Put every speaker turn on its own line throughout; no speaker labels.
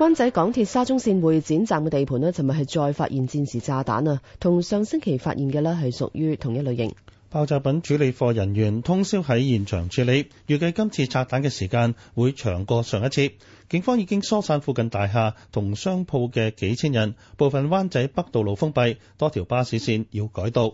灣仔港鐵沙中綫會展站嘅地盤呢，尋日係再發現戰時炸彈啊，同上星期發現嘅呢，係屬於同一類型。爆炸品處理課人員通宵喺現場處理，預計今次拆彈嘅時間會長過上一次。警方已經疏散附近大廈同商鋪嘅幾千人，部分灣仔北道路封閉，多條巴士綫要改道。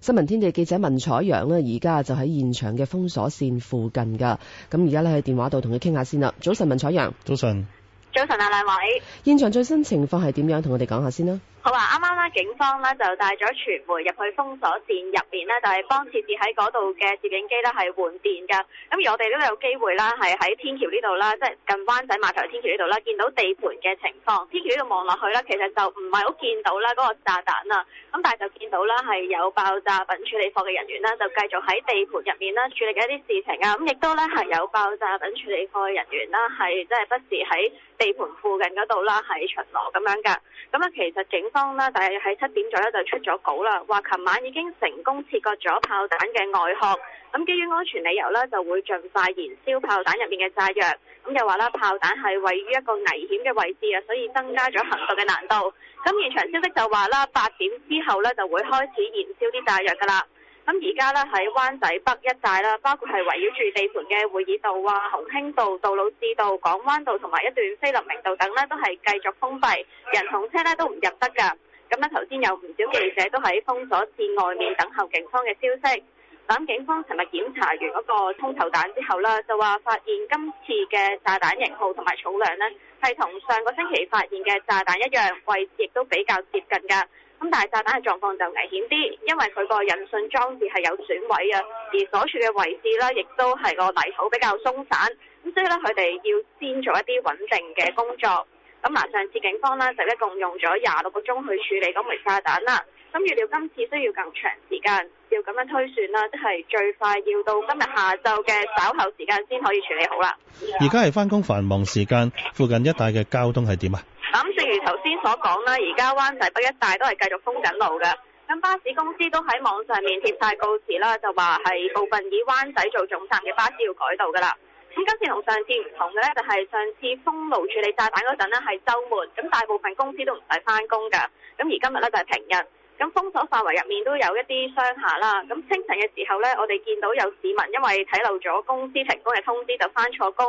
新聞天地記者文采揚呢，而家就喺現場嘅封鎖綫附近噶，咁而家呢，喺電話度同佢傾下先啦。早晨，文采揚。早晨。
早晨啊，兩
位，現場最新情況係點樣？同我哋講下先啦。
好啊，啱啱啦。警方咧就帶咗傳媒入去封鎖線入面呢就係、是、幫設置喺嗰度嘅攝影機咧係換電噶。咁而我哋都有機會啦，係喺天橋呢度啦，即、就、係、是、近灣仔碼頭天橋呢度啦，見到地盤嘅情況。天橋呢度望落去呢，其實就唔係好見到啦，嗰個炸彈啊。咁但係就見到啦，係有爆炸品處理課嘅人員啦，就繼續喺地盤入面啦處理緊一啲事情啊。咁亦都咧係有爆炸品處理課嘅人員啦，係即係不時喺地盤附近嗰度啦喺巡邏咁樣噶。咁啊，其實警方啦，但係喺七點左右就出咗稿啦，話琴晚已經成功切割咗炮彈嘅外殼，咁基於安全理由呢，就會盡快燃燒炮彈入面嘅炸藥，咁又話啦，炮彈係位於一個危險嘅位置啊，所以增加咗行動嘅難度。咁現場消息就話啦，八點之後呢，就會開始燃燒啲炸藥噶啦。咁而家咧喺灣仔北一帶啦，包括係圍繞住地盤嘅會議道啊、鴻興道、杜老誌道、港灣道同埋一段菲林明道等咧，都係繼續封閉，人同車咧都唔入得噶。咁咧頭先有唔少記者都喺封鎖線外面等候警方嘅消息。咁警方尋日檢查完嗰個空投彈之後啦，就話發現今次嘅炸彈型號同埋重量咧，係同上個星期發現嘅炸彈一樣，位置亦都比較接近㗎。咁大炸彈嘅狀況就危險啲，因為佢個引信裝置係有損毀啊，而所處嘅位置呢亦都係個泥土比較鬆散，咁所以咧，佢哋要先做一啲穩定嘅工作。咁嗱，上次警方呢就一共用咗廿六個鐘去處理嗰枚炸彈啦，咁預料今次需要更長時間，要咁樣推算啦，即係最快要到今日下晝嘅稍後時間先可以處理好啦。而
家係翻工繁忙時間，附近一帶嘅交通係點啊？
咁正如頭先所講啦，而家灣仔北一帶都係繼續封緊路㗎。咁巴士公司都喺網上面貼晒告示啦，就話係部分以灣仔做總站嘅巴士要改道噶啦。咁今次同上次唔同嘅呢，就係上次封路處理炸彈嗰陣呢係週末，咁大部分公司都唔使翻工㗎。咁而今日呢，就係平日，咁封鎖範圍入面都有一啲商廈啦。咁清晨嘅時候呢，我哋見到有市民因為睇漏咗公司停工嘅通知，就翻錯工。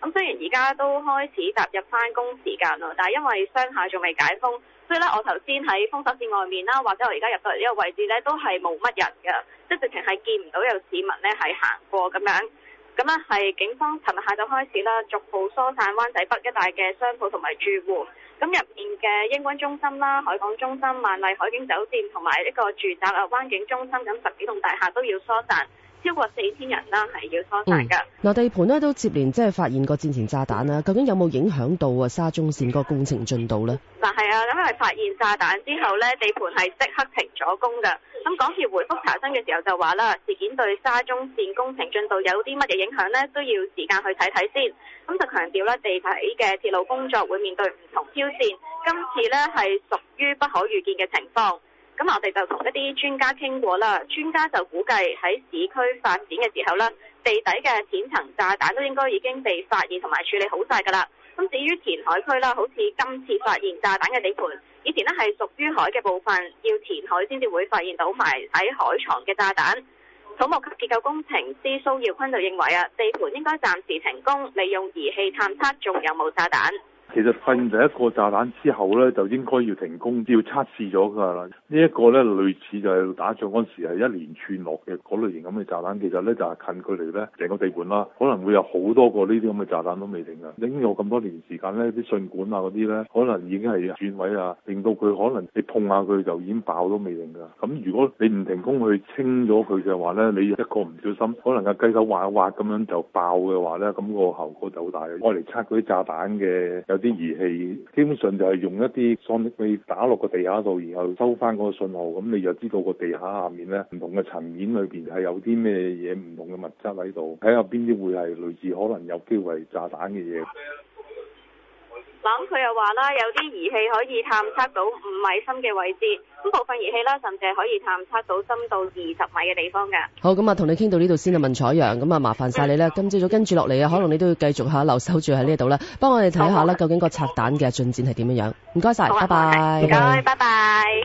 咁雖然而家都開始踏入返工時間啦，但係因為商廈仲未解封，所以咧我頭先喺封鎖線外面啦，或者我而家入到嚟呢個位置咧，都係冇乜人嘅，即係直情係見唔到有市民咧係行過咁樣。咁咧係警方琴日下晝開始啦，逐步疏散灣仔北一帶嘅商鋪同埋住戶。咁入面嘅英軍中心啦、海港中心、萬麗海景酒店同埋呢個住宅啊、灣景中心咁十幾棟大廈都要疏散。超過四千人啦，係要疏
散噶。嗱，地盤呢都接連即係發現個戰前炸彈啦，究竟有冇影響到啊沙中綫嗰個工程進度呢？
嗱係、嗯、啊，咁因為發現炸彈之後呢，地盤係即刻停咗工噶。咁港鐵回覆查詢嘅時候就話啦，事件對沙中綫工程進度有啲乜嘢影響呢？都要時間去睇睇先。咁、嗯、就強調咧，地底嘅鐵路工作會面對唔同挑戰，今次呢係屬於不可預見嘅情況。咁我哋就同一啲專家傾過啦。專家就估計喺市區發展嘅時候呢，地底嘅淺層炸彈都應該已經被發現同埋處理好晒噶啦。咁至於填海區啦，好似今次發現炸彈嘅地盤，以前呢係屬於海嘅部分，要填海先至會發現到埋喺海床嘅炸彈。土木及結構工程師蘇耀坤就認為啊，地盤應該暫時停工，利用儀器探測仲有冇炸彈。
其實發現第一個炸彈之後咧，就應該要停工，都要測試咗㗎啦。這個、呢一個咧，類似就係打仗嗰陣時係一連串落嘅嗰類型咁嘅炸彈。其實咧就係、是、近距離咧，成個地盤啦，可能會有好多個呢啲咁嘅炸彈都未定㗎。已經有咁多年時間咧，啲信管啊嗰啲咧，可能已經係轉位啊，令到佢可能你碰下佢就已經爆都未定㗎。咁如果你唔停工去清咗佢嘅話咧，你一個唔小心，可能個雞手挖挖咁樣就爆嘅話咧，咁、那個效果就好大。我嚟測嗰啲炸彈嘅。有啲儀器，基本上就係用一啲裝力器打落個地下度，然後收翻嗰個信號，咁你就知道個地下下面咧唔同嘅層面裏邊係有啲咩嘢唔同嘅物質喺度，睇下邊啲會係類似可能有機會炸彈嘅嘢。
佢又話啦，有啲儀器可以探測到五米深嘅位置，咁部分儀器啦，甚至係可以探測到深到二十米嘅地方㗎。
好，咁啊，同你傾到呢度先啊，文采揚，咁啊，麻煩晒你啦。今朝早跟住落嚟啊，可能你都要繼續下留守住喺呢度啦，幫我哋睇下啦，的究竟個拆彈嘅進展係點樣樣？唔該晒，拜拜的。唔該 bye，
拜拜。